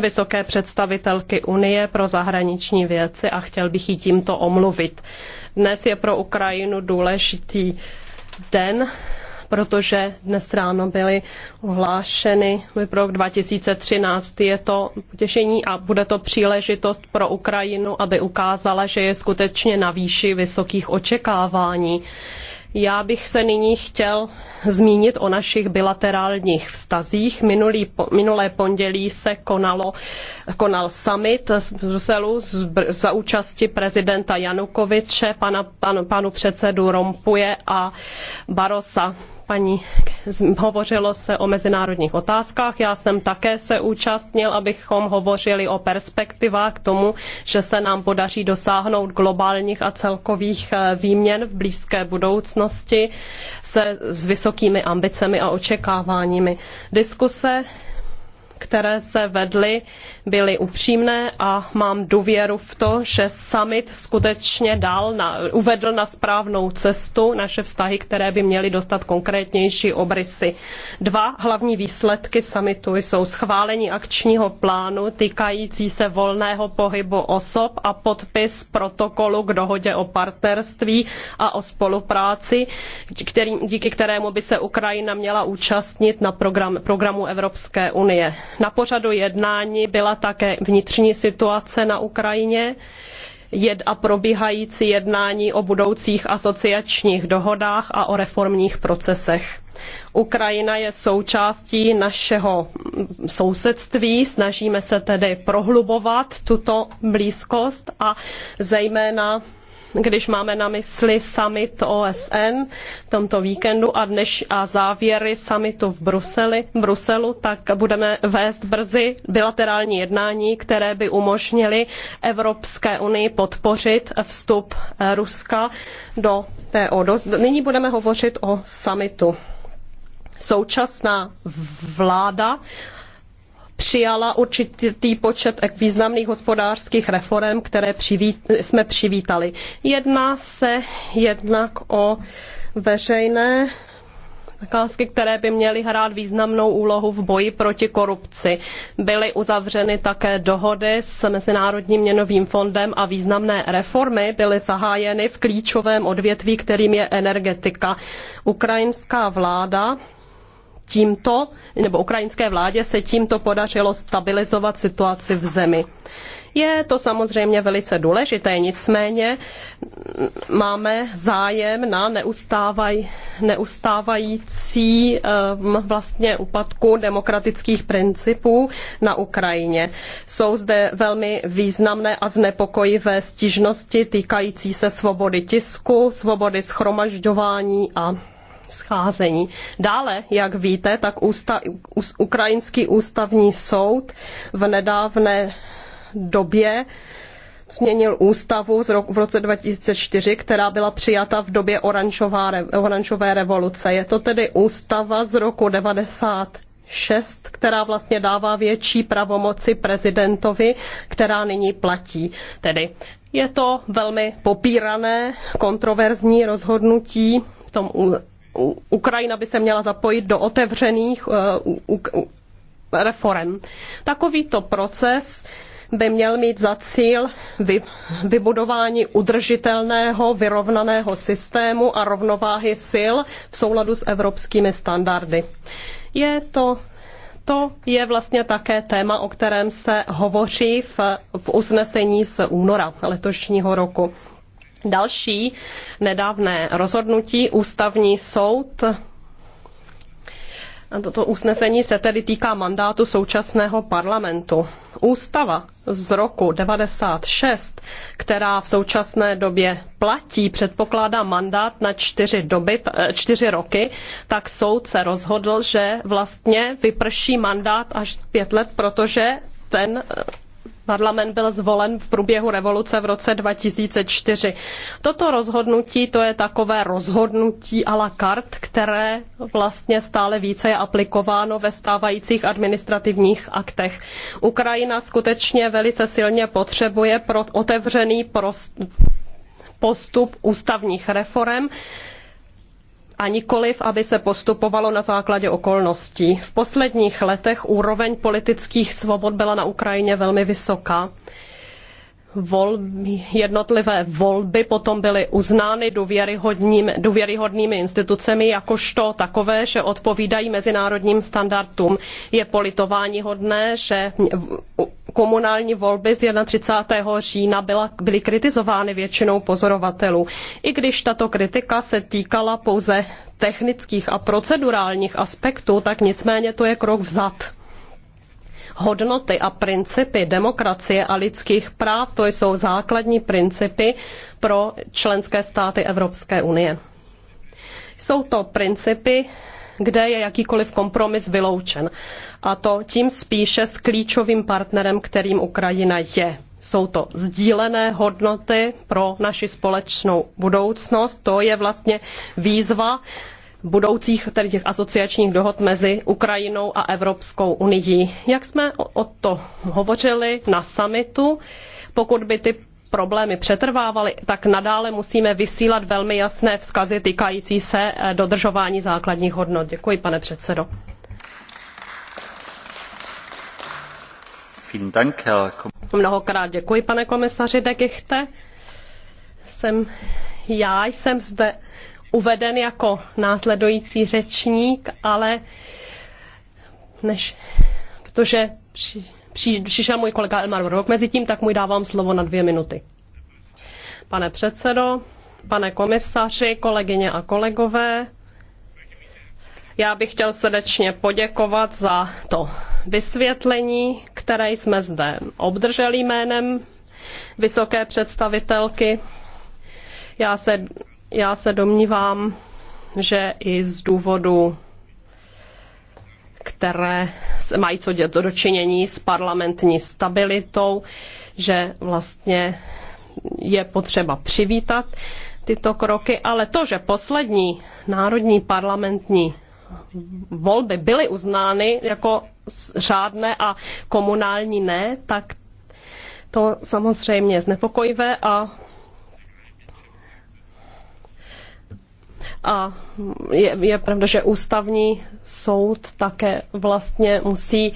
vysoké představitelky Unie pro zahraniční věci a chtěl bych ji tímto omluvit. Dnes je pro Ukrajinu důležitý den, protože dnes ráno byly ohlášeny pro rok 2013. Je to potěšení a bude to příležitost pro Ukrajinu, aby ukázala, že je skutečně na výši vysokých očekávání já bych se nyní chtěl zmínit o našich bilaterálních vztazích. Minulý, minulé pondělí se konalo, konal summit z Bruselu za účasti prezidenta Janukoviče, pana, pan, panu předsedu Rompuje a Barosa paní, hovořilo se o mezinárodních otázkách. Já jsem také se účastnil, abychom hovořili o perspektivách k tomu, že se nám podaří dosáhnout globálních a celkových eh, výměn v blízké budoucnosti se s vysokými ambicemi a očekáváními. Diskuse které se vedly, byly upřímné a mám důvěru v to, že summit skutečně dal na, uvedl na správnou cestu naše vztahy, které by měly dostat konkrétnější obrysy. Dva hlavní výsledky summitu jsou schválení akčního plánu týkající se volného pohybu osob a podpis protokolu k dohodě o partnerství a o spolupráci, který, díky kterému by se Ukrajina měla účastnit na program, programu Evropské unie na pořadu jednání byla také vnitřní situace na Ukrajině jed a probíhající jednání o budoucích asociačních dohodách a o reformních procesech. Ukrajina je součástí našeho sousedství, snažíme se tedy prohlubovat tuto blízkost a zejména když máme na mysli summit OSN v tomto víkendu a, dneš, a závěry summitu v Bruseli, Bruselu, tak budeme vést brzy bilaterální jednání, které by umožnily Evropské unii podpořit vstup Ruska do TO. Nyní budeme hovořit o summitu. Současná vláda přijala určitý počet významných hospodářských reform, které jsme přivítali. Jedná se jednak o veřejné zakázky, které by měly hrát významnou úlohu v boji proti korupci. Byly uzavřeny také dohody s Mezinárodním měnovým fondem a významné reformy byly zahájeny v klíčovém odvětví, kterým je energetika. Ukrajinská vláda tímto, nebo ukrajinské vládě se tímto podařilo stabilizovat situaci v zemi. Je to samozřejmě velice důležité, nicméně máme zájem na neustávaj, neustávající ehm, vlastně úpadku demokratických principů na Ukrajině. Jsou zde velmi významné a znepokojivé stížnosti týkající se svobody tisku, svobody schromažďování a scházení. Dále, jak víte, tak ústa, Ukrajinský ústavní soud v nedávné době změnil ústavu z roku, v roce 2004, která byla přijata v době oranžová, oranžové revoluce. Je to tedy ústava z roku 90. 6, která vlastně dává větší pravomoci prezidentovi, která nyní platí. Tedy je to velmi popírané, kontroverzní rozhodnutí v tom Ukrajina by se měla zapojit do otevřených eh, reform. Takovýto proces by měl mít za cíl vybudování udržitelného, vyrovnaného systému a rovnováhy sil v souladu s evropskými standardy. Je to to je vlastně také téma, o kterém se hovoří v, v usnesení z února letošního roku. Další nedávné rozhodnutí ústavní soud a toto usnesení se tedy týká mandátu současného parlamentu. Ústava z roku 96, která v současné době platí, předpokládá mandát na čtyři, doby, eh, čtyři roky, tak soud se rozhodl, že vlastně vyprší mandát až pět let, protože ten eh, Parlament byl zvolen v průběhu revoluce v roce 2004. Toto rozhodnutí to je takové rozhodnutí a la carte, které vlastně stále více je aplikováno ve stávajících administrativních aktech. Ukrajina skutečně velice silně potřebuje pro otevřený postup ústavních reform a nikoliv, aby se postupovalo na základě okolností. V posledních letech úroveň politických svobod byla na Ukrajině velmi vysoká volby, jednotlivé volby potom byly uznány důvěryhodnými, důvěryhodnými institucemi jakožto takové, že odpovídají mezinárodním standardům. Je politování hodné, že komunální volby z 31. října byla, byly kritizovány většinou pozorovatelů. I když tato kritika se týkala pouze technických a procedurálních aspektů, tak nicméně to je krok vzad Hodnoty a principy demokracie a lidských práv, to jsou základní principy pro členské státy Evropské unie. Jsou to principy, kde je jakýkoliv kompromis vyloučen. A to tím spíše s klíčovým partnerem, kterým Ukrajina je. Jsou to sdílené hodnoty pro naši společnou budoucnost. To je vlastně výzva, budoucích tedy těch asociačních dohod mezi Ukrajinou a Evropskou unii. Jak jsme o to hovořili na summitu, pokud by ty problémy přetrvávaly, tak nadále musíme vysílat velmi jasné vzkazy týkající se eh, dodržování základních hodnot. Děkuji, pane předsedo. Mnohokrát děkuji, pane komisaři de Jsem, já jsem zde uveden jako následující řečník, ale než, protože při, při, přišel můj kolega Elmar Brok mezi tím, tak mu dávám slovo na dvě minuty. Pane předsedo, pane komisaři, kolegyně a kolegové, já bych chtěl srdečně poděkovat za to vysvětlení, které jsme zde obdrželi jménem vysoké představitelky. Já se já se domnívám, že i z důvodu které mají co dělat dočinění s parlamentní stabilitou, že vlastně je potřeba přivítat tyto kroky, ale to, že poslední národní parlamentní volby byly uznány jako řádné a komunální ne, tak to samozřejmě je znepokojivé a A je, je pravda, že ústavní soud také vlastně musí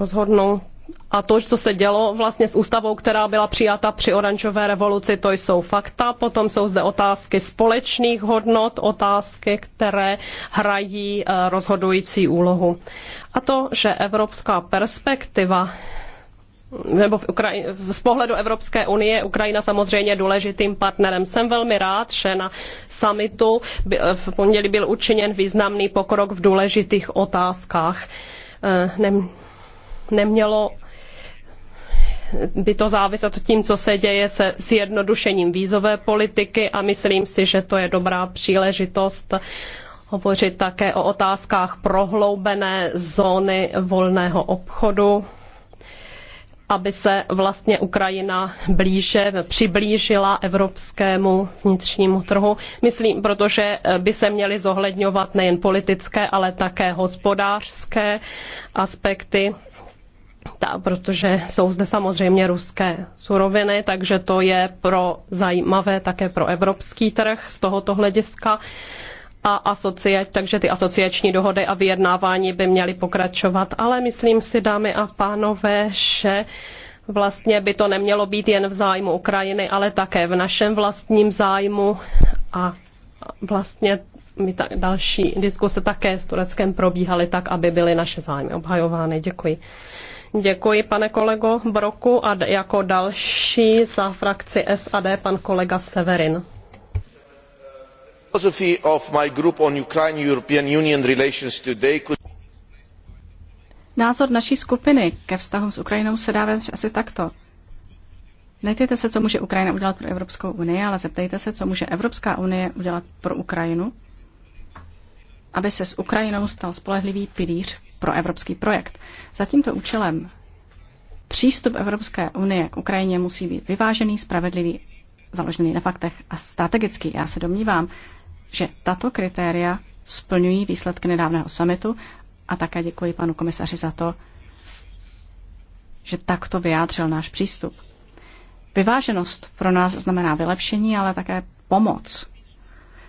rozhodnout a to, co se dělo vlastně s ústavou, která byla přijata při oranžové revoluci, to jsou fakta. Potom jsou zde otázky společných hodnot, otázky, které hrají eh, rozhodující úlohu. A to, že evropská perspektiva nebo v Ukraji, z pohledu Evropské unie Ukrajina samozřejmě důležitým partnerem. Jsem velmi rád, že na summitu v pondělí byl učiněn významný pokrok v důležitých otázkách. Eh, nem, nemělo by to záviset tím, co se děje se zjednodušením vízové politiky a myslím si, že to je dobrá příležitost hovořit také o otázkách prohloubené zóny volného obchodu aby se vlastně Ukrajina blíže přiblížila evropskému vnitřnímu trhu. Myslím, protože eh, by se měly zohledňovat nejen politické, ale také hospodářské aspekty. protože jsou zde samozřejmě ruské suroviny, takže to je pro zajímavé také pro evropský trh z tohoto hlediska. Uh, a asocia- takže ty asociační dohody a vyjednávání by měly pokračovat. Ale myslím si, dámy a pánové, že vlastně by to nemělo být jen v zájmu Ukrajiny, ale také v našem vlastním zájmu a vlastně my ta, další diskuse také s Tureckem probíhaly tak, aby byly naše zájmy obhajovány. Děkuji. Děkuji, pane kolego Broku. A jako další za frakci SAD pan kolega Severin philosophy of my group on ukraine european union relations today could Názor naší skupiny ke vztahům s Ukrajinou se dá vést asi takto. Nejtěte se, co může Ukrajina udělat pro Evropskou unii, ale zeptejte se, co může Evropská unie udělat pro Ukrajinu, aby se s Ukrajinou stal spolehlivý pilíř pro evropský projekt. Za tímto účelem přístup Evropské unie k Ukrajině musí být vyvážený, spravedlivý, založený na faktech a strategický. Já se domnívám, že tato kritéria splňují výsledky nedávného samitu a také děkuji panu komisaři za to, že takto vyjádřil náš přístup. Vyváženost pro nás znamená vylepšení, ale také pomoc.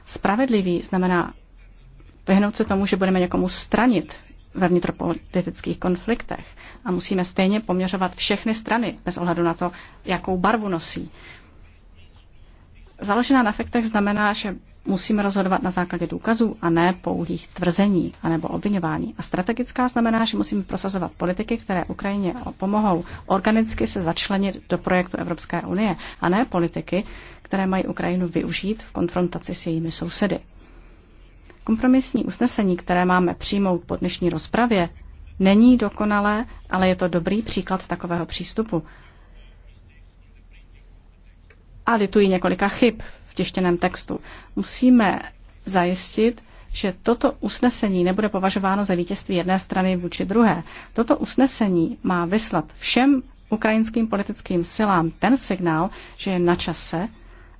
Spravedlivý znamená vyhnout se tomu, že budeme někomu stranit ve vnitropolitických konfliktech a musíme stejně poměřovat všechny strany bez ohledu na to, jakou barvu nosí. Založená na faktech znamená, že musíme rozhodovat na základě důkazů a ne pouhých tvrzení anebo obvinování. A strategická znamená, že musíme prosazovat politiky, které Ukrajině pomohou organicky se začlenit do projektu Evropské unie a ne politiky, které mají Ukrajinu využít v konfrontaci s jejími sousedy. Kompromisní usnesení, které máme přijmout po dnešní rozpravě, není dokonalé, ale je to dobrý příklad takového přístupu. A lituji několika chyb tištěném textu. Musíme zajistit, že toto usnesení nebude považováno za vítězství jedné strany vůči druhé. Toto usnesení má vyslat všem ukrajinským politickým silám ten signál, že je na čase,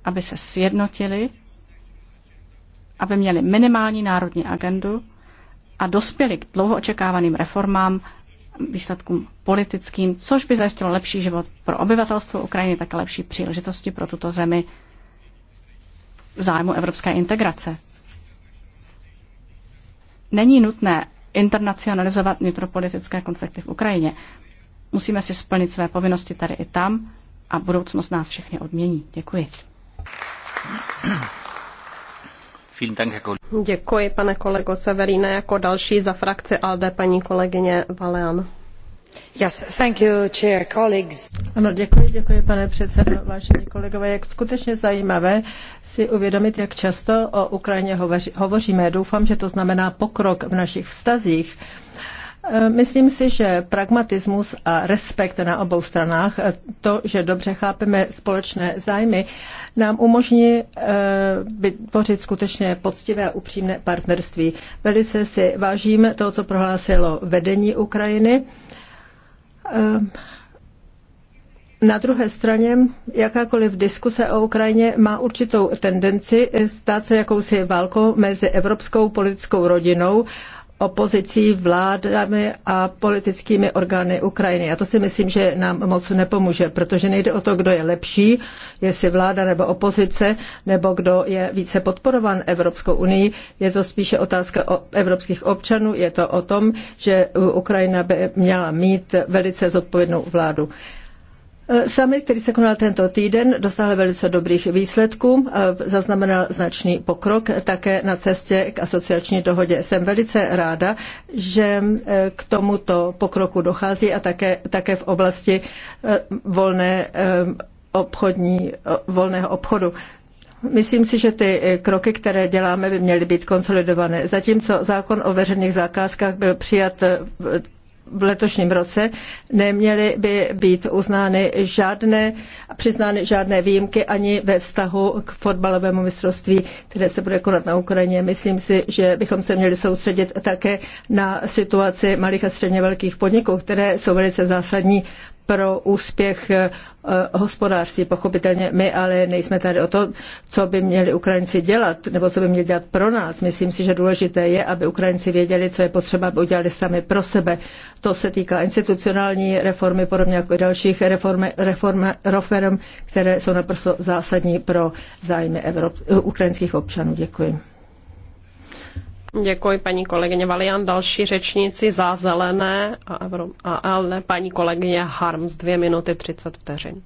aby se sjednotili, aby měli minimální národní agendu a dospěli k dlouho očekávaným reformám, výsledkům politickým, což by zajistilo lepší život pro obyvatelstvo Ukrajiny, také lepší příležitosti pro tuto zemi v zájmu evropské integrace. Není nutné internacionalizovat nitropolitické konflikty v Ukrajině. Musíme si splnit své povinnosti tady i tam a budoucnost nás všechny odmění. Děkuji. Děkuji, pane kolego Severine. Jako další za frakci ALDE paní kolegyně Valean. Ano, děkuji, děkuji, pane předsedající je Jak skutečně zajímavé si uvědomit, jak často o Ukrajině hovoříme. Doufám, že to znamená pokrok v našich vztazích. E, myslím si, že pragmatismus a respekt na obou stranách, e, to, že dobře chápeme společné zájmy, nám umožní e, vytvořit skutečně poctivé a upřímné partnerství. Velice si vážím to, co prohlásilo vedení Ukrajiny. Ehm, na druhé straně jakákoliv diskuse o Ukrajině má určitou tendenci stát se jakousi válkou mezi evropskou politickou rodinou opozicí, vládami a politickými orgány Ukrajiny. A to si myslím, že nám moc nepomůže, protože nejde o to, kdo je lepší, jestli vláda nebo opozice, nebo kdo je více podporovan Evropskou unii. Je to spíše otázka o evropských občanů, je to o tom, že Ukrajina by měla mít velice zodpovědnou vládu. Eh, summit, který se konal tento týden, dosáhl velice dobrých výsledků, eh, zaznamenal značný pokrok také na cestě k asociační dohodě. Jsem velice ráda, že eh, k tomuto pokroku dochází a také, také v oblasti volné obchodní, volného obchodu. Myslím si, že ty kroky, které děláme, by měly být konsolidované. Zatímco zákon o veřejných zakázkách byl přijat v letošním roce neměly by být uznány žádné, přiznány žádné výjimky ani ve vztahu k fotbalovému mistrovství, které se bude konat na Ukrajině. Myslím si, že bychom se měli soustředit také na situaci malých a středně velkých podniků, které jsou velice zásadní pro úspěch eh, hospodářství, pochopitelně my, ale nejsme tady o to, co by měli Ukrajinci dělat, nebo co by měli dělat pro nás. Myslím si, že důležité je, aby Ukrajinci věděli, co je potřeba, aby udělali sami pro sebe. To se týká institucionální reformy, podobně jako i dalších reformy, reformy reform, které jsou naprosto zásadní pro zájmy Evrop, eh, ukrajinských občanů. Děkuji. Děkuji paní kolegyně Valian. Další řečníci za zelené a, a, a ale paní kolegyně Harms, dvě minuty 30 vteřin.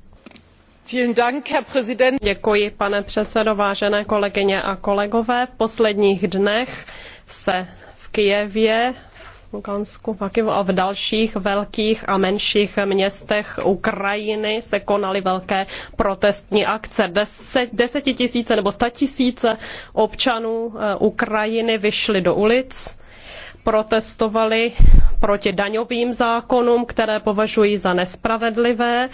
Děkuji, pane předsedo, vážené kolegyně a kolegové. V posledních dnech se v Kijevě Lugansku, Pakivu a v dalších velkých a menších městech Ukrajiny se konaly velké protestní akce. Deset, desetitisíce nebo statisíce občanů eh, Ukrajiny vyšly do ulic protestovali proti daňovým zákonům, které považují za nespravedlivé.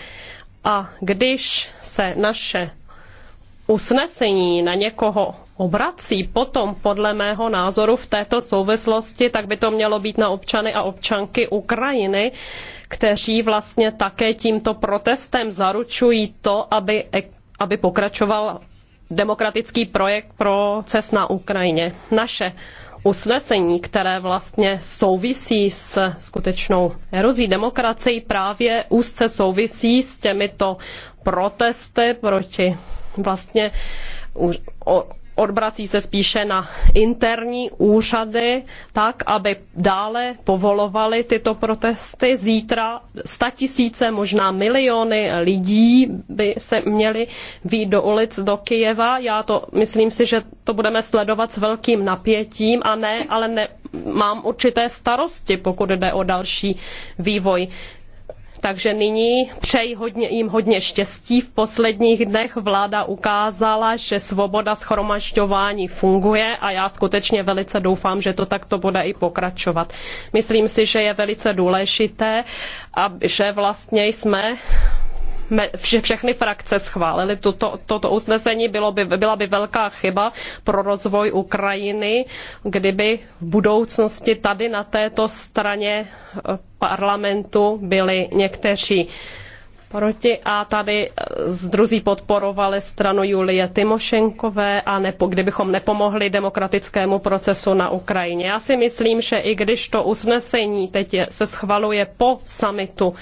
A když se naše usnesení na někoho obrací potom podle mého názoru v této souvislosti, tak by to mělo být na občany a občanky Ukrajiny, kteří vlastně také tímto protestem zaručují to, aby, aby pokračoval demokratický projekt proces na Ukrajině. Naše usnesení, které vlastně souvisí s skutečnou erozí demokracie, právě úzce souvisí s těmito protesty proti vlastně obrací se spíše na interní úřady, tak, aby dále povolovali tyto protesty. Zítra statisíce, možná miliony lidí by se měli výjít do ulic do Kyjeva. Já to myslím si, že to budeme sledovat s velkým napětím a ne, ale ne, mám určité starosti, pokud jde o další vývoj takže nyní přeji hodně, jim hodně štěstí. V posledních dnech vláda ukázala, že svoboda schromažďování funguje a já skutečně velice doufám, že to takto bude i pokračovat. Myslím si, že je velice důležité, že vlastně jsme že všechny frakce schválily tuto, toto usnesení, bylo by, byla by velká chyba pro rozvoj Ukrajiny, kdyby v budoucnosti tady na této straně eh, parlamentu byli někteří proti a tady eh, z druzí podporovali stranu Julie Timošenkové a nepo, kdybychom nepomohli demokratickému procesu na Ukrajině. Já si myslím, že i když to usnesení teď je, se schvaluje po samitu,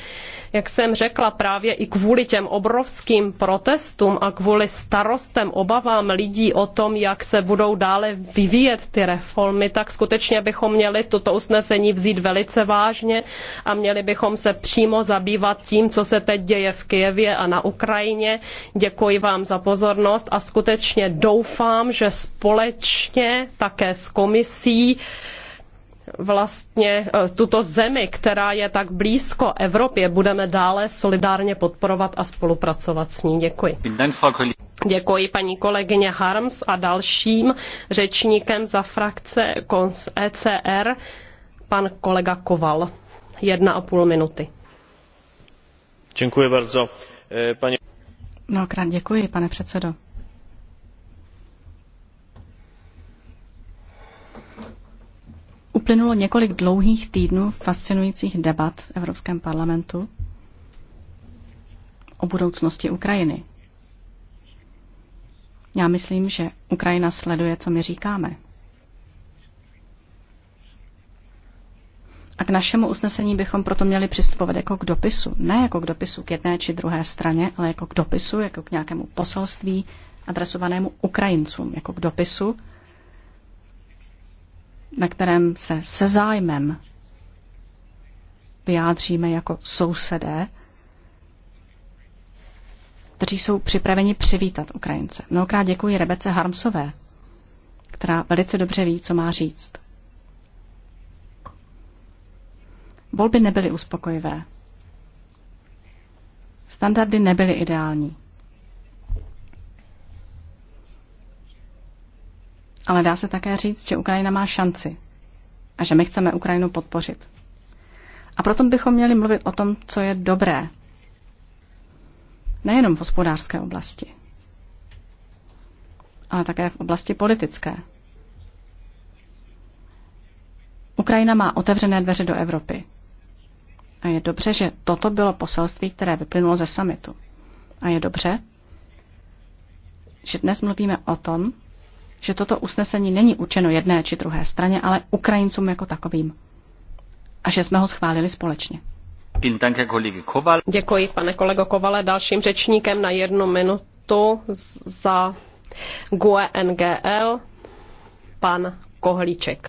jak jsem řekla, právě i kvůli těm obrovským protestům a kvůli starostem, obavám lidí o tom, jak se budou dále vyvíjet ty reformy, tak skutečně bychom měli toto usnesení vzít velice vážně a měli bychom se přímo zabývat tím, co se teď děje děje v Kijevě a na Ukrajině. Děkuji vám za pozornost a skutečně doufám, že společně také s komisí vlastně eh, tuto zemi, která je tak blízko Evropě, budeme dále solidárně podporovat a spolupracovat s ní. Děkuji. Děkuji paní kolegyně Harms a dalším řečníkem za frakce ECR, pan kolega Koval. Jedna a půl minuty. Děkuji bardzo. E, Pani... Mnohokrát děkuji, pane předsedo. Uplynulo několik dlouhých týdnů fascinujících debat v Evropském parlamentu o budoucnosti Ukrajiny. Já myslím, že Ukrajina sleduje, co my říkáme. A k našemu usnesení bychom proto měli přistupovat jako k dopisu. Ne jako k dopisu k jedné či druhé straně, ale jako k dopisu, jako k nějakému poselství adresovanému Ukrajincům, jako k dopisu, na kterém se se zájmem vyjádříme jako sousedé, kteří jsou připraveni přivítat Ukrajince. Mnohokrát děkuji Rebece Harmsové, která velice dobře ví, co má říct. Volby nebyly uspokojivé. Standardy nebyly ideální. Ale dá se také říct, že Ukrajina má šanci a že my chceme Ukrajinu podpořit. A proto bychom měli mluvit o tom, co je dobré. Nejenom v hospodářské oblasti, ale také v oblasti politické. Ukrajina má otevřené dveře do Evropy. A je dobře, že toto bylo poselství, které vyplynulo ze samitu. A je dobře, že dnes mluvíme o tom, že toto usnesení není učeno jedné či druhé straně, ale Ukrajincům jako takovým. A že jsme ho schválili společně. Děkuji, pane kolego Kovale. Dalším řečníkem na jednu minutu za GUE NGL pan Kohlíček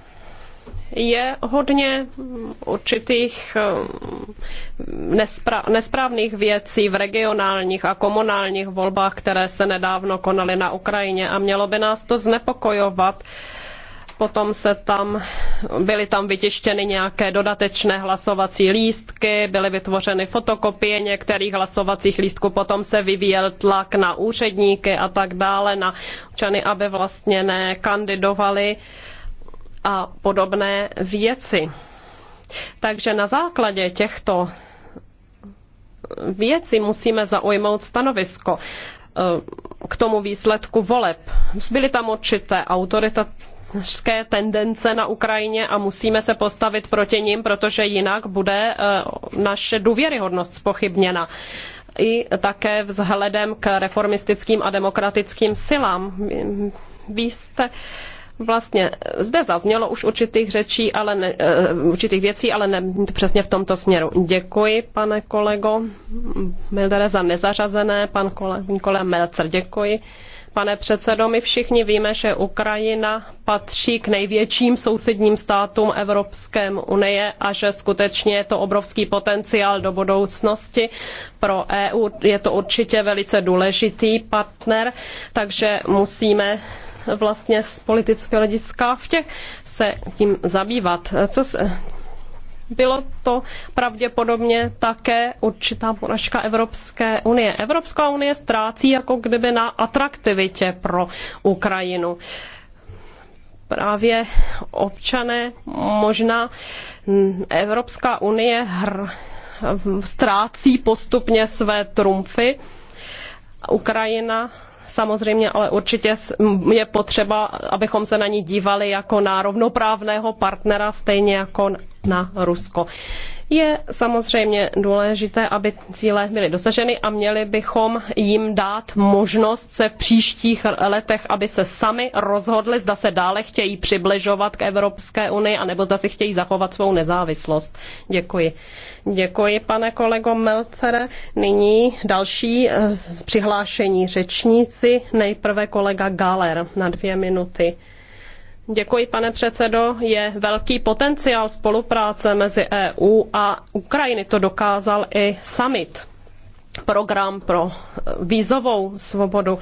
je hodně určitých eh, nesprávných věcí v regionálních a komunálních volbách, které se nedávno konaly na Ukrajině a mělo by nás to znepokojovat. Potom se tam, byly tam vytištěny nějaké dodatečné hlasovací lístky, byly vytvořeny fotokopie některých hlasovacích lístků, potom se vyvíjel tlak na úředníky a tak dále, na občany, aby vlastně nekandidovali. Uh, a podobné věci. Takže na základě těchto věcí musíme zaujmout stanovisko eh, k tomu výsledku voleb. Byly tam určité autoritativní tendence na Ukrajině a musíme se postavit proti nim, protože jinak bude eh, naše důvěryhodnost spochybněna i také vzhledem k reformistickým a demokratickým silám. Vy jste vlastně zde zaznělo už určitých řečí, ale ne, eh, určitých věcí, ale ne přesně v tomto směru. Děkuji, pane kolego Mildere, za nezařazené, pan kolega Melcer, děkuji. Pane předsedo, my všichni víme, že Ukrajina patří k největším sousedním státům Evropské unie a že skutečně je to obrovský potenciál do budoucnosti. Pro EU je to určitě velice důležitý partner, takže musíme vlastně z politického hlediska v těch se tím zabývat. Co se, bylo to pravděpodobně také určitá poražka Evropské unie. Evropská unie ztrácí jako kdyby na atraktivitě pro Ukrajinu. Právě občané možná Evropská unie hr, ztrácí postupně své trumfy. Ukrajina Samozřejmě, ale určitě je potřeba, abychom se na ní dívali jako na rovnoprávného partnera, stejně jako na Rusko. Je samozřejmě důležité, aby cíle byly dosaženy a měli bychom jim dát možnost se v příštích letech, aby se sami rozhodli, zda se dále chtějí přibližovat k Evropské unii, anebo zda si chtějí zachovat svou nezávislost. Děkuji. Děkuji, pane kolego Melcere. Nyní další eh, přihlášení řečníci. Nejprve kolega Galer na dvě minuty. Děkuji, pane předsedo. Je velký potenciál spolupráce mezi EU a Ukrajiny. To dokázal i summit program pro e, vízovou svobodu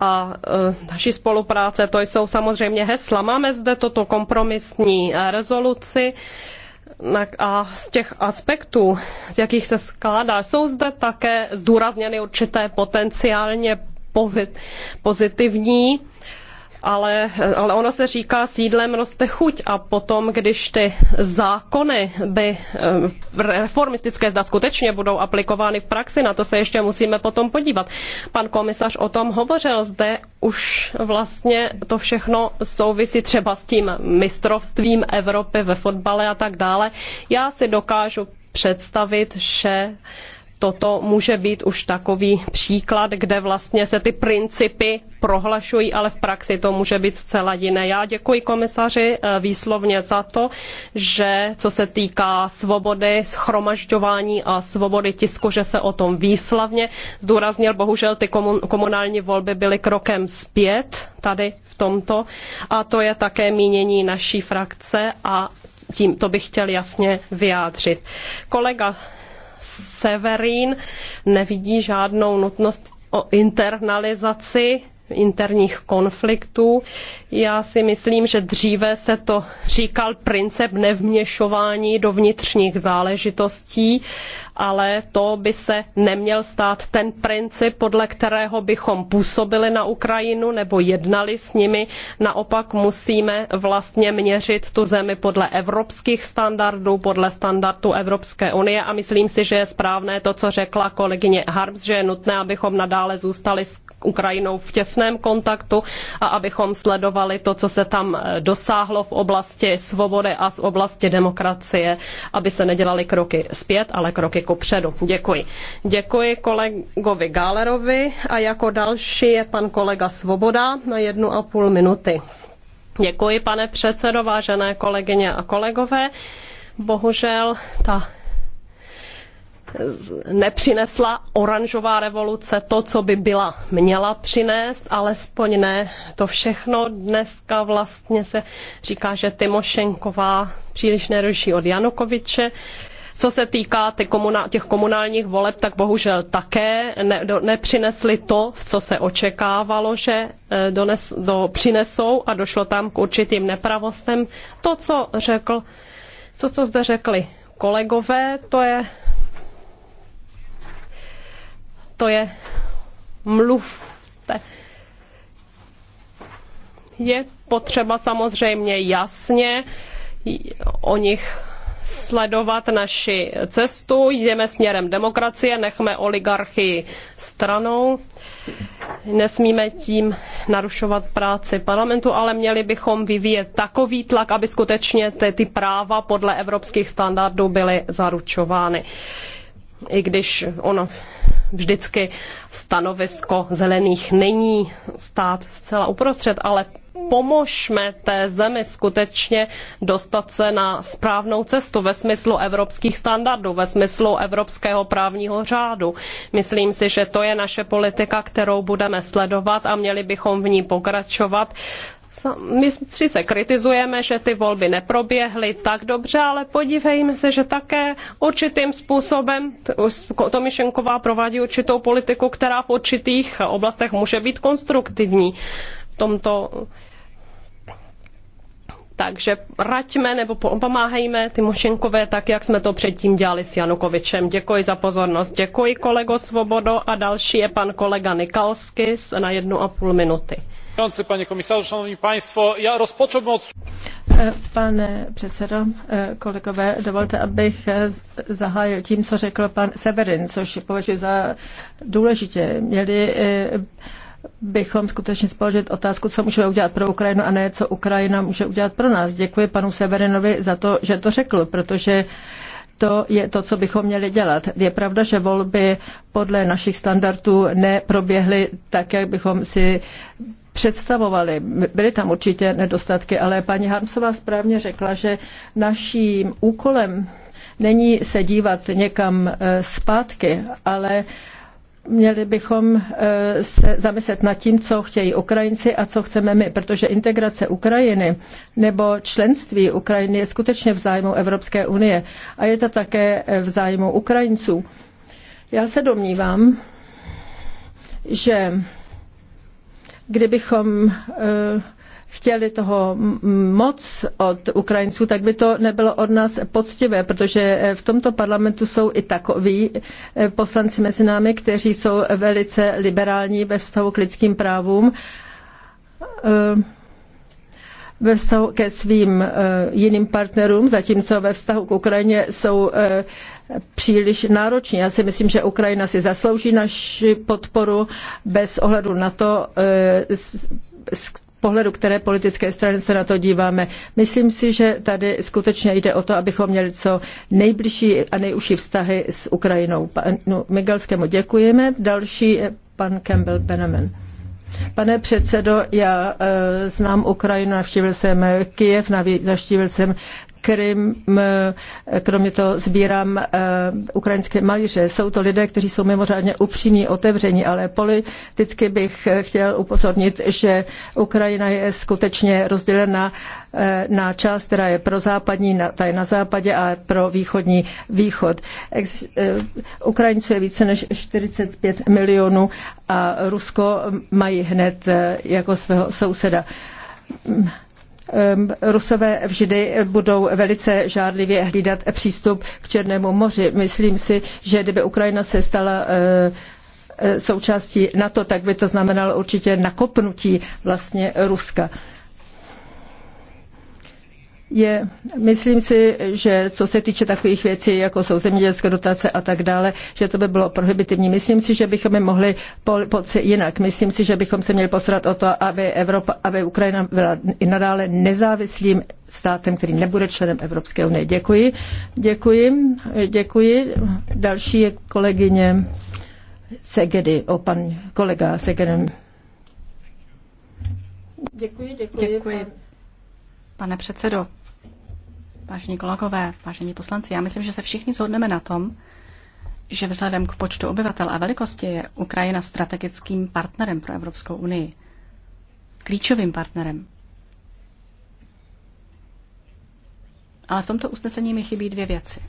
a e, naší spolupráce. To jsou samozřejmě hesla. Máme zde toto kompromisní e, rezoluci a z těch aspektů, z jakých se skládá, jsou zde také zdůrazněny určité potenciálně pozitivní ale, ale ono se říká sídlem roste chuť a potom, když ty zákony by eh, reformistické zda skutečně budou aplikovány v praxi, na to se ještě musíme potom podívat. Pan komisař o tom hovořil, zde už vlastně to všechno souvisí třeba s tím mistrovstvím Evropy ve fotbale a tak dále. Já si dokážu představit, že toto může být už takový příklad, kde vlastně se ty principy prohlašují, ale v praxi to může být zcela jiné. Já děkuji komisaři eh, výslovně za to, že co se týká svobody schromažďování a svobody tisku, že se o tom výslavně zdůraznil. Bohužel ty komunální volby byly krokem zpět tady v tomto a to je také mínění naší frakce a tím to bych chtěl jasně vyjádřit. Kolega Severín nevidí žádnou nutnost o internalizaci interních konfliktů. Já si myslím, že dříve se to říkal princip nevměšování do vnitřních záležitostí, ale to by se neměl stát ten princip, podle kterého bychom působili na Ukrajinu nebo jednali s nimi. Naopak musíme vlastně měřit tu zemi podle evropských standardů, podle standardů Evropské unie a myslím si, že je správné to, co řekla kolegyně Harms, že je nutné, abychom nadále zůstali Ukrajinou v těsném kontaktu a abychom sledovali to, co se tam eh, dosáhlo v oblasti svobody a z oblasti demokracie, aby se nedělaly kroky zpět, ale kroky kupředu. Děkuji. Děkuji kolegovi Gálerovi a jako další je pan kolega Svoboda na jednu a půl minuty. Děkuji, pane předsedo, vážené kolegyně a kolegové. Bohužel ta nepřinesla oranžová revoluce to, co by byla měla přinést, alespoň ne to všechno. Dneska vlastně se říká, že Tymošenková příliš neruší od Janukoviče. Co se týká těch komunálních voleb, tak bohužel také ne, nepřinesli to, co se očekávalo, že eh, dones, do, přinesou a došlo tam k určitým nepravostem. To, co řekl, co, co zde řekli kolegové, to je to je mluvte. Je potřeba samozřejmě jasně o nich sledovat naši cestu, jdeme směrem demokracie, nechme oligarchii stranou. Nesmíme tím narušovat práci parlamentu, ale měli bychom vyvíjet takový tlak, aby skutečně ty, ty práva podle evropských standardů byly zaručovány. I když ono vždycky stanovisko zelených není stát zcela uprostřed, ale pomožme té zemi skutečně dostat se na správnou cestu ve smyslu evropských standardů, ve smyslu evropského právního řádu. Myslím si, že to je naše politika, kterou budeme sledovat a měli bychom v ní pokračovat my sice kritizujeme, že ty volby neproběhly tak dobře, ale podívejme se, že také určitým způsobem Tomišenková provádí určitou politiku, která v určitých oblastech může být konstruktivní. V tomto takže raďme nebo pomáhejme Timošenkové tak, jak jsme to předtím dělali s Janukovičem. Děkuji za pozornost. Děkuji kolego Svobodo a další je pan kolega Nikalskis na jednu a půl minuty. E, pane předsedo, e, kolegové, dovolte, abych e, zahájil tím, co řekl pan Severin, což považuji za důležité. Měli bychom skutečně položit otázku, co můžeme udělat pro Ukrajinu a ne co Ukrajina může udělat pro nás. Děkuji panu Severinovi za to, že to řekl, protože to je to, co bychom měli dělat. Je pravda, že volby podle našich standardů neproběhly tak, jak bychom si představovali. Byly tam určitě nedostatky, ale paní Harmsová správně řekla, že naším úkolem není se dívat někam eh, zpátky, ale uh, měli bychom e, se zamyslet nad tím, co chtějí Ukrajinci a co chceme my, protože integrace Ukrajiny nebo členství Ukrajiny je skutečně v zájmu Evropské unie a je to také e, v zájmu Ukrajinců. Já se domnívám, že kdybychom uh, chtěli toho moc od Ukrajinců, tak by to nebylo od nás poctivé, protože eh, v tomto parlamentu jsou i takoví eh, poslanci mezi námi, kteří jsou velice liberální ve vztahu k lidským právům eh, ve vztahu ke svým jiným partnerům, zatímco ve vztahu k Ukrajině jsou příliš nároční. Já si myslím, že Ukrajina si zaslouží naši podporu bez ohledu na to, s pohledu, které politické strany se na to díváme. Myslím si, že tady skutečně jde o to, abychom měli co nejbližší a nejužší vztahy s Ukrajinou. Panu Migalskému děkujeme. Další je pan Campbell Benamen. Pane předsedo, já e, znám Ukrajinu, navštívil jsem Kijev, navštívil jsem Krym, kromě toho sbírám e, ukrajinské malíře. Jsou to lidé, kteří jsou mimořádně upřímní, otevření, ale politicky bych chtěl upozornit, že Ukrajina je skutečně rozdělena e, na část, která je pro západní, ta je na západě a pro východní východ. E, Ukrajinců je více než 45 milionů a Rusko mají hned jako svého souseda. Ehm, Rusové vždy budou velice žádlivě hlídat přístup k Černému moři. Myslím si, že kdyby Ukrajina se stala eh, eh, součástí NATO, tak by to znamenalo určitě nakopnutí vlastně Ruska je, myslím si, že co se týče takových věcí, jako jsou zemědělské dotace a tak dále, že to by bylo prohibitivní. Myslím si, že bychom je mohli pomoci jinak. Myslím si, že bychom se měli postarat o to, aby, Evropa, aby Ukrajina byla i nadále nezávislým státem, který nebude členem Evropské unie. Děkuji. Děkuji. Děkuji. Další je kolegyně Segedy, o pan kolega Segedem. Děkuji, děkuji. děkuji. Pane předsedo, Vážení kolegové, vážení poslanci, já myslím, že se všichni shodneme na tom, že vzhledem k počtu obyvatel a velikosti je Ukrajina strategickým partnerem pro Evropskou unii. Klíčovým partnerem. Ale v tomto usnesení mi chybí dvě věci.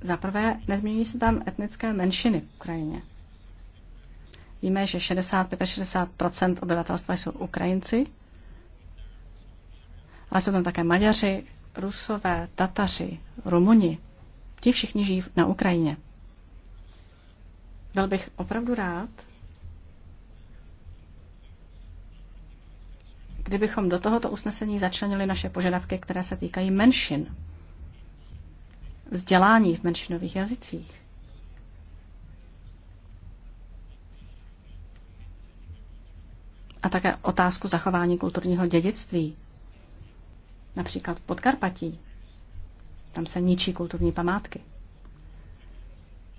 Za prvé, nezmění se tam etnické menšiny v Ukrajině. Víme, že 65 60 obyvatelstva jsou Ukrajinci ale jsou tam také Maďaři, Rusové, Tataři, Rumuni. Ti všichni žijí na Ukrajině. Byl bych opravdu rád, kdybychom do tohoto usnesení začlenili naše požadavky, které se týkají menšin, vzdělání v menšinových jazycích. A také otázku zachování kulturního dědictví Například v Podkarpatí. Tam se ničí kulturní památky.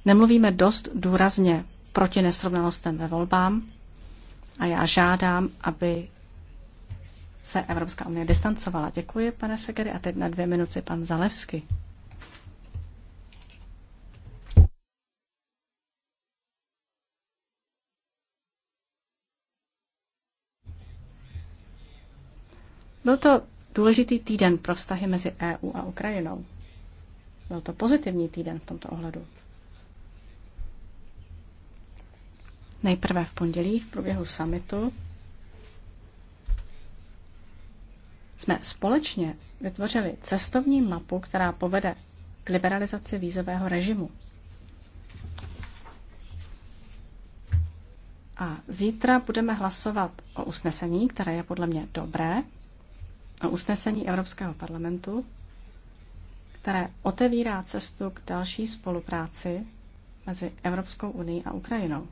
Nemluvíme dost důrazně proti nesrovnalostem ve volbám a já žádám, aby se Evropská unie distancovala. Děkuji, pane Segery. A teď na dvě minuty pan Zalevsky. Byl to důležitý týden pro vztahy mezi EU a Ukrajinou. Byl to pozitivní týden v tomto ohledu. Nejprve v pondělí v průběhu summitu jsme společně vytvořili cestovní mapu, která povede k liberalizaci vízového režimu. A zítra budeme hlasovat o usnesení, které je podle mě dobré, o usnesení Evropského parlamentu, které otevírá cestu k další spolupráci mezi Evropskou unii a Ukrajinou.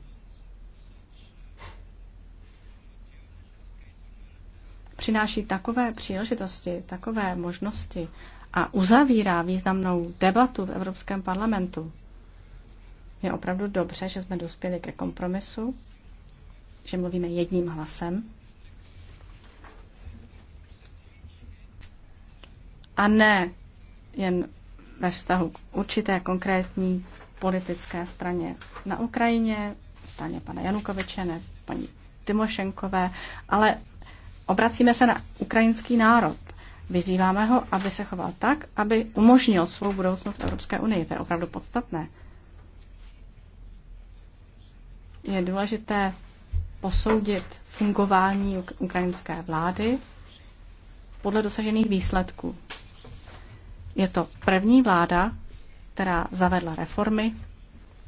Přináší takové příležitosti, takové možnosti a uzavírá významnou debatu v Evropském parlamentu. Je opravdu dobře, že jsme dospěli ke kompromisu, že mluvíme jedním hlasem a ne jen ve vztahu k určité konkrétní politické straně na Ukrajině, straně pana Janukoviče ne paní Timošenkové, ale obracíme se na ukrajinský národ. Vyzýváme ho, aby se choval tak, aby umožnil svou budoucnost v Evropské unii. To je opravdu podstatné. Je důležité posoudit fungování ukrajinské vlády podle dosažených výsledků. Je to první vláda, která zavedla reformy,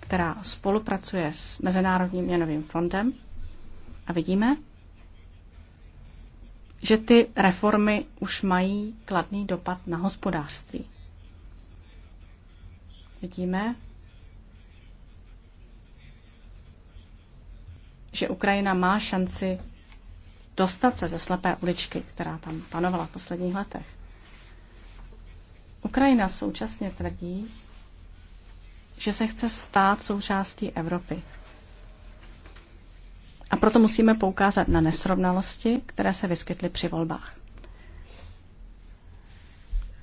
která spolupracuje s Mezinárodním měnovým fondem. A vidíme, že ty reformy už mají kladný dopad na hospodářství. Vidíme, že Ukrajina má šanci dostat se ze slepé uličky, která tam panovala v posledních letech. Ukrajina současně tvrdí, že se chce stát součástí Evropy. A proto musíme poukázat na nesrovnalosti, které se vyskytly při volbách.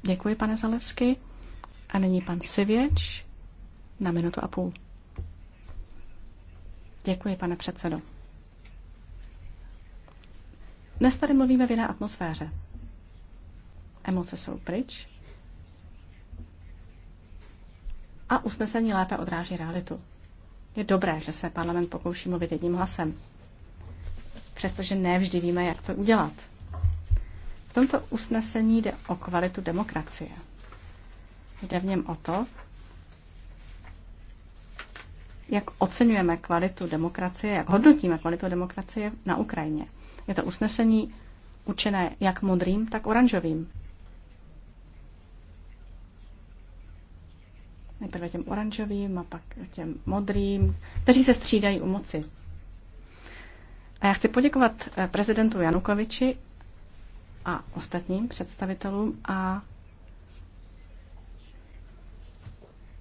Děkuji, pane Zalevsky. A nyní pan Sivěč na minutu a půl. Děkuji, pane předsedo. Dnes tady mluvíme v jiné atmosféře. Emoce jsou pryč a usnesení lépe odráží realitu. Je dobré, že se parlament pokouší mluvit jedním hlasem, přestože ne vždy víme, jak to udělat. V tomto usnesení jde o kvalitu demokracie. Jde v něm o to, jak oceňujeme kvalitu demokracie, jak hodnotíme kvalitu demokracie na Ukrajině. Je to usnesení učené jak modrým, tak oranžovým. Nejprve těm oranžovým a pak těm modrým, kteří se střídají u moci. A já chci poděkovat eh, prezidentu Janukoviči a ostatním představitelům a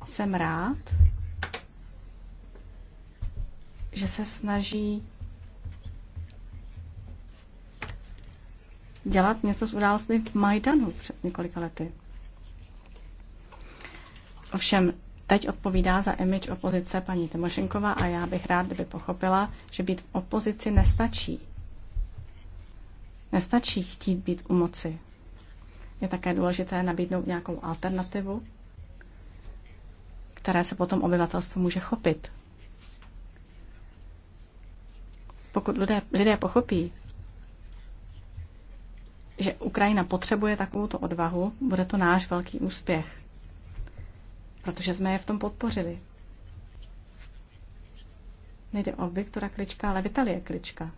jsem rád, že se snaží dělat něco s událostmi v Majdanu před několika lety. Ovšem, teď odpovídá za image opozice paní Timošenková a já bych rád, kdyby pochopila, že být v opozici nestačí. Nestačí chtít být u moci. Je také důležité nabídnout nějakou alternativu, které se potom obyvatelstvo může chopit. Pokud lidé, lidé pochopí, že Ukrajina potřebuje takovouto odvahu, bude to náš velký úspěch protože jsme je v tom podpořili. Nejde o Viktora Klička, ale Vitalie Klička.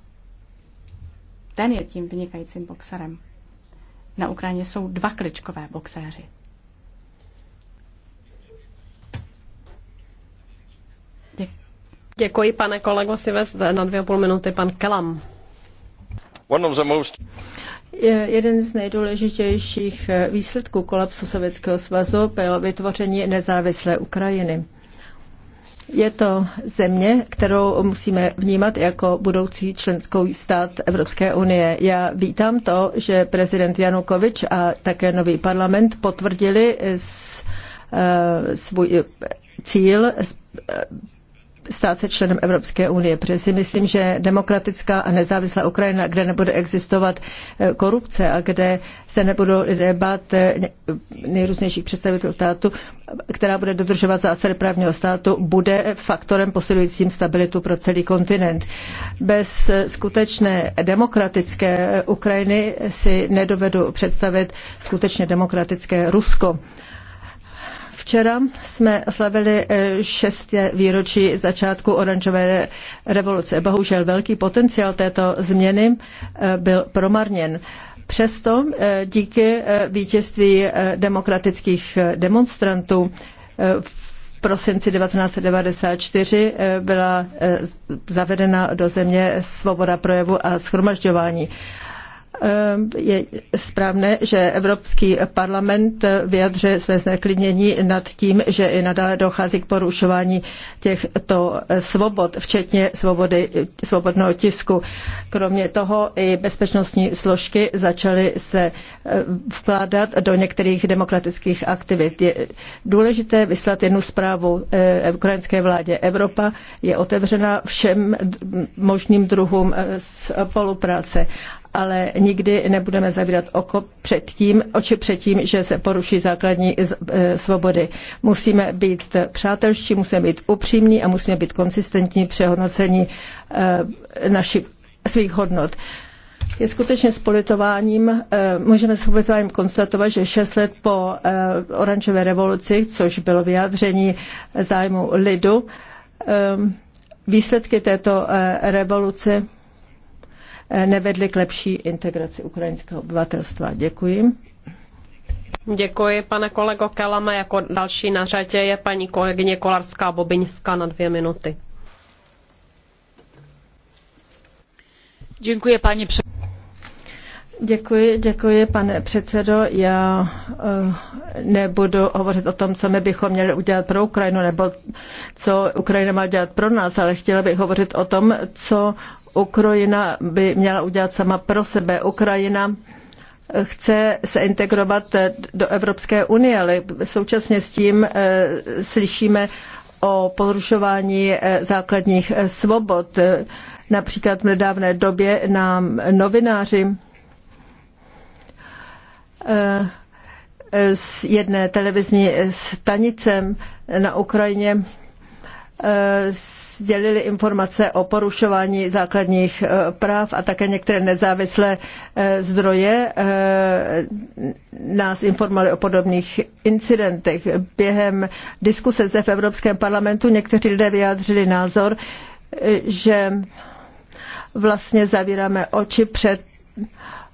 Ten je tím vynikajícím boxerem. Na Ukrajině jsou dva kličkové boxéři. Děkuji. pane kolego vezde Na dvě a půl minuty pan Kelam. One of the most... Jeden z nejdůležitějších eh, výsledků kolapsu Sovětského svazu bylo vytvoření nezávislé Ukrajiny. Je to země, kterou musíme vnímat jako budoucí členskou stát Evropské unie. Já vítám to, že prezident Janukovič a také nový parlament potvrdili eh, eh, svůj cíl stát se členem Evropské unie, protože si myslím, že demokratická a nezávislá Ukrajina, kde nebude existovat eh, korupce a kde se nebudou lidé bát eh, nejrůznějších představitelů státu, která bude dodržovat zásady právního státu, bude faktorem posilujícím stabilitu pro celý kontinent. Bez eh, skutečné demokratické Ukrajiny si nedovedu představit skutečně demokratické Rusko. Včera jsme slavili eh, šesté výročí začátku oranžové revoluce. Bohužel velký potenciál této změny eh, byl promarněn. Přesto eh, díky vítězství demokratických demonstrantů v prosinci 1994 byla zavedena do země svoboda projevu a schromažďování. Eh, je správné, že Evropský parlament vyjadřuje své zneklidnění nad tím, že i nadále dochází k porušování těchto svobod, včetně svobody, svobodného tisku. Kromě toho i bezpečnostní složky začaly se eh, vkládat do některých demokratických aktivit. Je důležité vyslat jednu zprávu eh, ukrajinské vládě. Evropa je otevřena všem možným druhům spolupráce ale nikdy nebudeme zavírat oko před tím, oči před tím, že se poruší základní e, svobody. Musíme být přátelští, musíme být upřímní a musíme být konsistentní při hodnocení e, našich svých hodnot. Je skutečně s politováním, e, můžeme s politováním konstatovat, že šest let po oranžové revoluci, což bylo vyjádření zájmu lidu, výsledky této revoluce nevedly k lepší integraci ukrajinského obyvatelstva. Děkuji. Děkuji, pane kolego Kelame. Jako další na řadě je paní kolegyně Kolarská Bobiňská na dvě minuty. Děkuji, paní předsedající Děkuji, děkuji, pane předsedo. Já eh, nebudu hovořit o tom, co my bychom měli udělat pro Ukrajinu, nebo co Ukrajina má dělat pro nás, ale chtěla bych hovořit o tom, co Ukrajina by měla udělat sama pro sebe. Ukrajina chce se integrovat do Evropské unie, ale současně s tím eh, slyšíme o porušování eh, základních svobod. Například v nedávné době nám novináři Eh, z jedné televizní stanice na Ukrajině eh, sdělili informace o porušování základních eh, práv a také některé nezávislé zdroje nás informovali o podobných incidentech. Během diskuse zde v Evropském parlamentu někteří lidé vyjádřili názor, že vlastně zavíráme oči před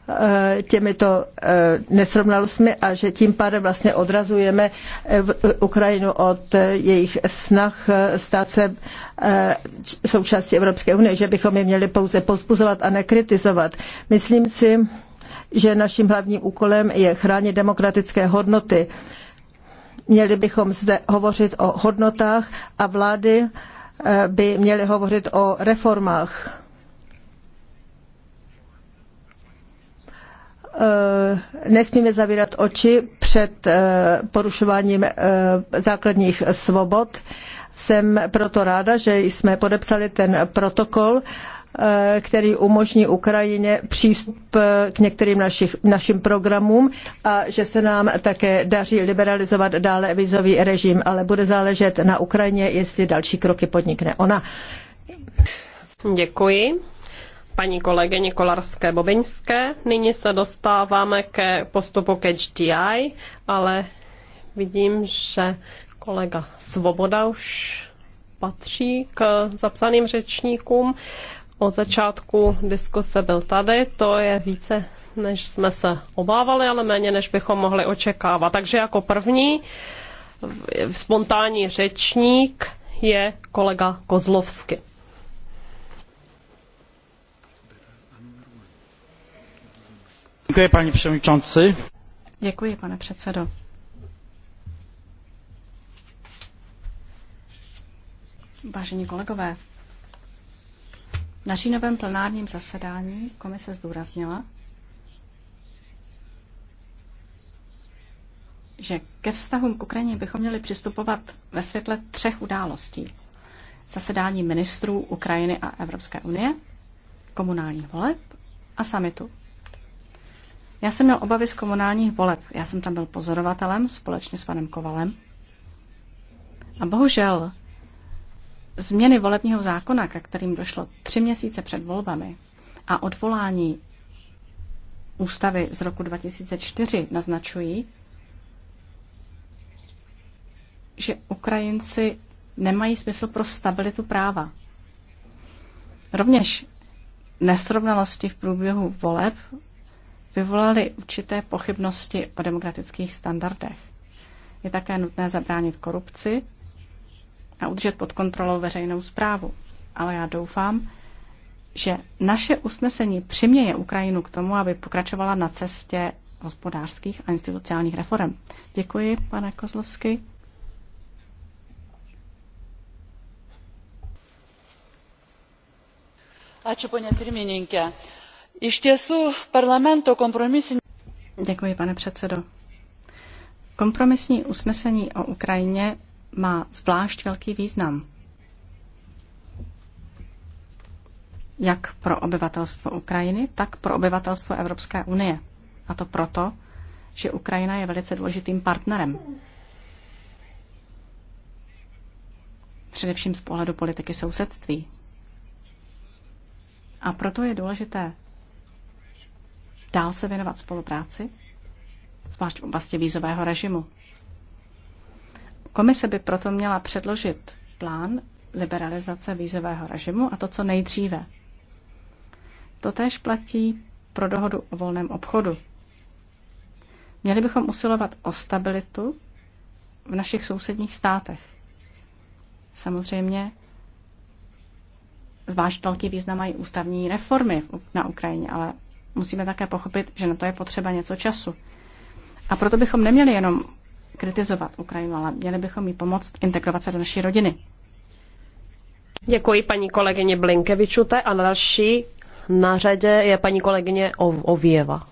Eh, těmito eh, nesrovnalostmi a že tím pádem vlastně odrazujeme eh, Ukrajinu od jejich snah stát se součástí Evropské unie, že bychom je měli pouze pozbuzovat a nekritizovat. Myslím si, že naším hlavním úkolem je chránit demokratické hodnoty. Měli bychom zde hovořit o hodnotách a vlády by měly hovořit o reformách Eh, nesmíme zavírat oči před eh, porušováním eh, základních svobod. Jsem proto ráda, že jsme podepsali ten protokol, který umožní Ukrajině přístup k některým našich, našim programům a že se nám také daří liberalizovat dále vizový režim, ale bude záležet na Ukrajině, jestli další kroky podnikne ona. Děkuji paní kolegyně Kolarské Bobiňské. Nyní se dostáváme ke postupu ke HDI, ale vidím, že kolega Svoboda už patří k zapsaným řečníkům. O začátku diskuse byl tady, to je více než jsme se obávali, ale méně než bychom mohli očekávat. Takže jako první spontánní řečník je kolega Kozlovsky. Děkuji, paní předsedající. Děkuji, pane předsedo. Vážení kolegové, na říjnovém plenárním zasedání komise zdůraznila, že ke vztahům k Ukrajině bychom měli přistupovat ve světle třech událostí. Zasedání ministrů Ukrajiny a Evropské unie, komunálních voleb a samitu já jsem měl obavy z komunálních voleb. Já jsem tam byl pozorovatelem společně s panem Kovalem. A bohužel změny volebního zákona, ke kterým došlo tři měsíce před volbami a odvolání ústavy z roku 2004 naznačují, že Ukrajinci nemají smysl pro stabilitu práva. Rovněž nesrovnalosti v průběhu voleb vyvolaly určité pochybnosti o demokratických standardech. Je také nutné zabránit korupci a udržet pod kontrolou veřejnou zprávu. Ale já doufám, že naše usnesení přiměje Ukrajinu k tomu, aby pokračovala na cestě hospodářských a institucionálních reform. Děkuji, pane Kozlovsky. Ačiū, ponia pirmininkė iš tiesų parlamento Děkuji, pane předsedo. Kompromisní usnesení o Ukrajině má zvlášť velký význam. Jak pro obyvatelstvo Ukrajiny, tak pro obyvatelstvo Evropské unie. A to proto, že Ukrajina je velice důležitým partnerem. Především z pohledu politiky sousedství. A proto je důležité dál se věnovat spolupráci, zvlášť v oblasti vízového režimu. Komise by proto měla předložit plán liberalizace vízového režimu a to, co nejdříve. též platí pro dohodu o volném obchodu. Měli bychom usilovat o stabilitu v našich sousedních státech. Samozřejmě zvlášť velký význam mají ústavní reformy na Ukrajině, ale musíme také pochopit, že na to je potřeba něco času. A proto bychom neměli jenom kritizovat Ukrajinu, ale měli bychom jí pomoct integrovat se do naší rodiny. Děkuji paní kolegyně Blinkevičute a další na řadě je paní kolegyně Ovieva.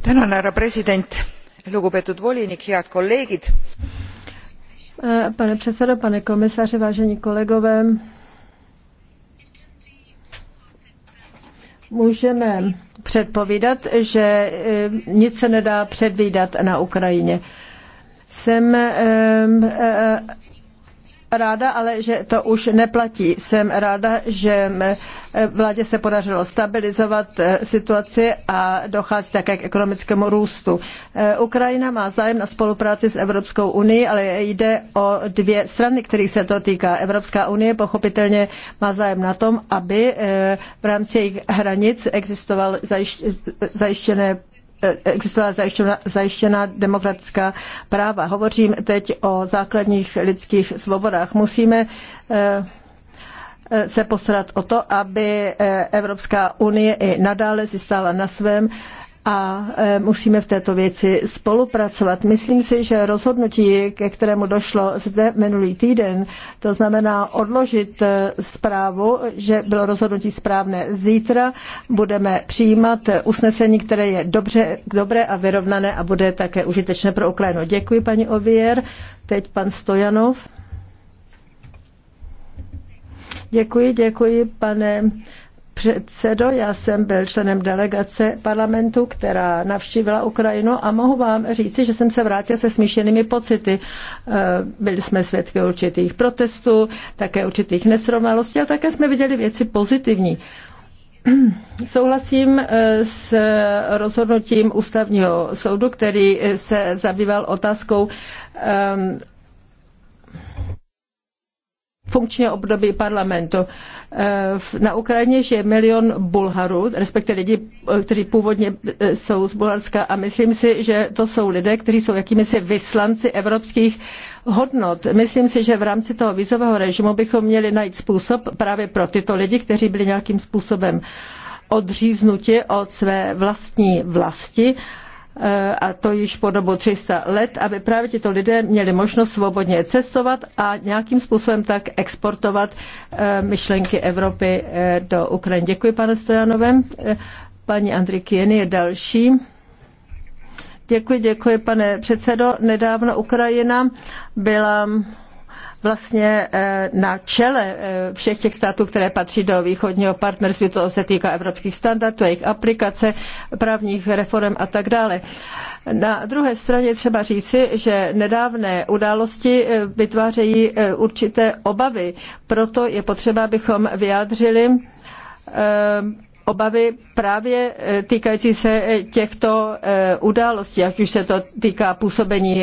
Tänan, härra president, lugupeetud volinik, head kolleegid. Eh, pane předsedo, pane komisaři, vážení kolegové, můžeme předpovídat, že eh, nic se nedá předvídat na Ukrajině. Jsem eh, eh, ráda, ale že to už neplatí. Jsem ráda, že eh, vládě se podařilo stabilizovat eh, situaci a dochází také k ekonomickému růstu. Eh, Ukrajina má zájem na spolupráci s Evropskou unii, ale jde o dvě strany, kterých se to týká. Evropská unie pochopitelně má zájem na tom, aby v rámci jejich hranic existoval zajištěné Eh, existovala zajištěna, zajištěna demokratická práva. Hovořím teď o základních lidských svobodách. Musíme eh, eh, se postarat o to, aby Evropská unie i nadále zůstala na svém a e, musíme v této věci spolupracovat. Myslím si, že rozhodnutí, ke kterému došlo zde minulý týden, to znamená odložit e, zprávu, že bylo rozhodnutí správné zítra, budeme přijímat usnesení, které je dobře, dobré a vyrovnané a bude také užitečné pro Ukrajinu. Děkuji, paní Ovier. Teď pan Stojanov. Děkuji, děkuji, pane předsedo, já jsem byl členem delegace parlamentu, která navštívila Ukrajinu a mohu vám říci, že jsem se vrátil se smíšenými pocity. Eh, byli jsme svědky určitých protestů, také určitých nesrovnalostí, ale také jsme viděli věci pozitivní. Souhlasím eh, s rozhodnutím ústavního soudu, který se zabýval otázkou ehm, funkčního období parlamentu. Eh, na Ukrajině je milion Bulharů, respektive lidi, eh, kteří původně eh, jsou z Bulharska a myslím si, že to jsou lidé, kteří jsou jakýmisi vyslanci evropských hodnot. Myslím si, že v rámci toho vizového režimu bychom měli najít způsob právě pro tyto lidi, kteří byli nějakým způsobem odříznuti od své vlastní vlasti, a to již po dobu 300 let, aby právě tito lidé měli možnost svobodně cestovat a nějakým způsobem tak exportovat eh, myšlenky Evropy eh, do Ukrajiny. Děkuji, pane Stojanovem. Eh, paní Andrikieny je další. Děkuji, děkuji, pane předsedo. Nedávno Ukrajina byla vlastně eh, na čele eh, všech těch států, které patří do východního partnerství, to se týká evropských standardů, jejich aplikace, právních reform a tak dále. Na druhé straně třeba říci, že nedávné události eh, vytvářejí určité obavy, proto je potřeba, abychom vyjádřili obavy právě týkající se těchto událostí, ať už se to týká působení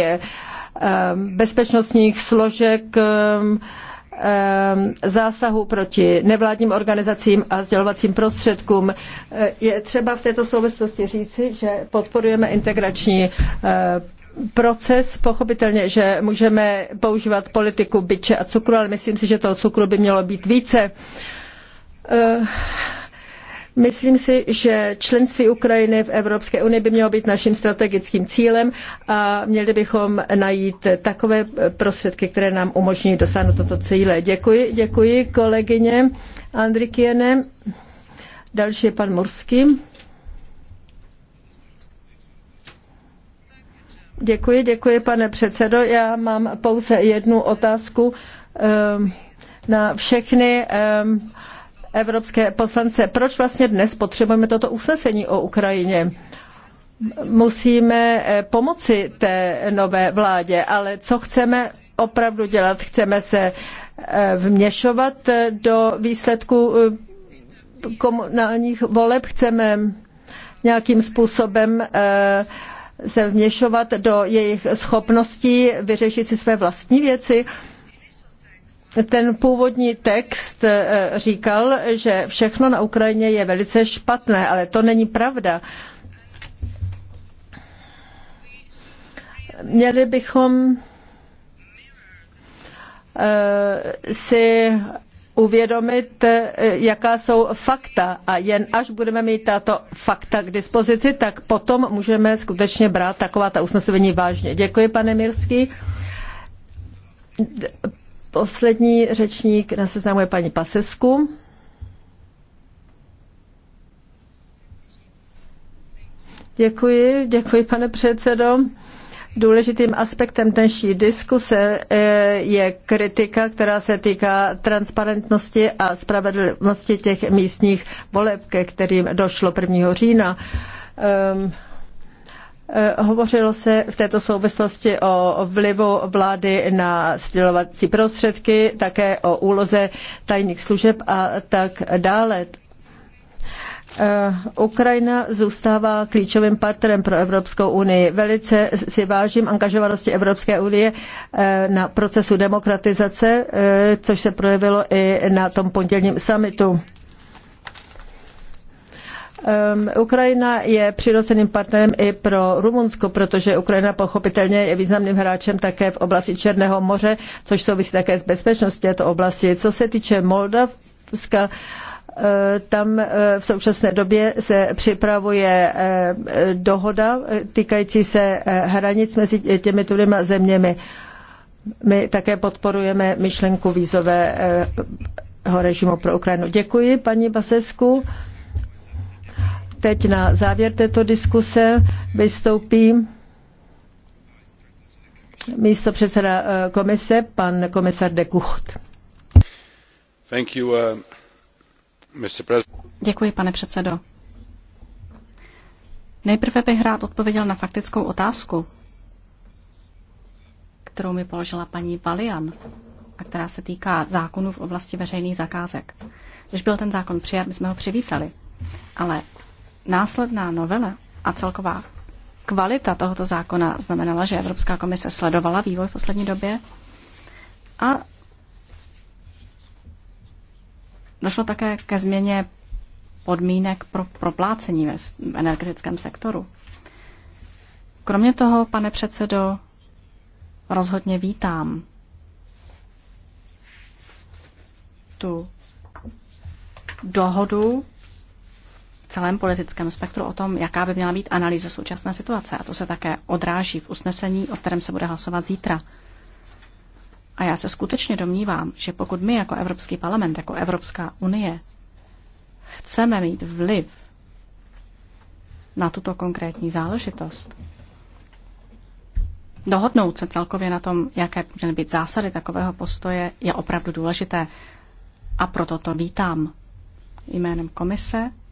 Eh, bezpečnostních složek, eh, eh, zásahu proti nevládním organizacím a sdělovacím prostředkům. Je třeba v této souvislosti říci, že podporujeme integrační proces. Pochopitelně, že můžeme používat politiku byče a cukru, ale myslím si, že toho cukru by mělo být více. Myslím si, že členství Ukrajiny v Evropské unii by mělo být naším strategickým cílem a měli bychom najít takové prostředky, které nám umožní dosáhnout toto cíle. Děkuji, děkuji kolegyně Andrikiene. Další je pan Murský. Děkuji, děkuji, pane předsedo. Já mám pouze jednu otázku ehm, na všechny. Um, evropské poslance, proč vlastně dnes potřebujeme toto usnesení o Ukrajině? Musíme eh, pomoci té nové vládě, ale co chceme opravdu dělat? Chceme se eh, vměšovat eh, do výsledku komunálních voleb? Chceme nějakým způsobem se vměšovat do jejich schopností vyřešit si své vlastní věci? ten původní text eh, říkal, že všechno na Ukrajině je velice špatné, ale to není pravda. Měli bychom eh, si uvědomit, eh, jaká jsou fakta a jen až budeme mít tato fakta k dispozici, tak potom můžeme skutečně brát taková ta usnesení vážně. Děkuji, pane Mirský Poslední řečník na seznamu je paní Pasesku. Děkuji, děkuji pane předsedo. Důležitým aspektem dnešní diskuse eh, je kritika, která se týká transparentnosti a spravedlnosti těch místních voleb, ke kterým došlo 1. října. Ehm, Eh, hovořilo se v této souvislosti o vlivu vlády na sdělovací prostředky, také o úloze tajných služeb a tak dále. Eh, Ukrajina zůstává klíčovým partnerem pro Evropskou unii. Velice si vážím angažovanosti Evropské unie eh, na procesu demokratizace, což se projevilo i na tom pondělním summitu. Ehm, Ukrajina je přirozeným partnerem i pro Rumunsko, protože Ukrajina pochopitelně je významným hráčem také v oblasti Černého moře, což souvisí také s bezpečností této oblasti. Co se týče Moldavska, eh, tam eh, v současné době se připravuje eh, dohoda týkající se hranic mezi těmito dvěma zeměmi. My také podporujeme myšlenku vízového režimu pro Ukrajinu. Děkuji, paní Basesku. Teď na závěr této diskuse vystoupí místo předseda eh, komise, pan komisar de Kucht. Eh, Děkuji, pane předsedo. Nejprve bych rád odpověděl na faktickou otázku, kterou mi položila paní Valian a která se týká zákonů v oblasti veřejných zakázek. Když byl ten zákon přijat, my jsme ho přivítali, ale následná novela a celková kvalita tohoto zákona znamenala, že Evropská komise sledovala vývoj v poslední době a došlo také ke změně podmínek pro proplácení v energetickém sektoru. Kromě toho, pane předsedo, rozhodně vítám tu dohodu celém politickém spektru o tom, jaká by měla být analýza současné situace. A to se také odráží v usnesení, o kterém se bude hlasovat zítra. A já se skutečně domnívám, že pokud my jako Evropský parlament, jako Evropská unie, chceme mít vliv na tuto konkrétní záležitost, dohodnout se celkově na tom, jaké měly být zásady takového postoje, je opravdu důležité. A proto to vítám jménem komise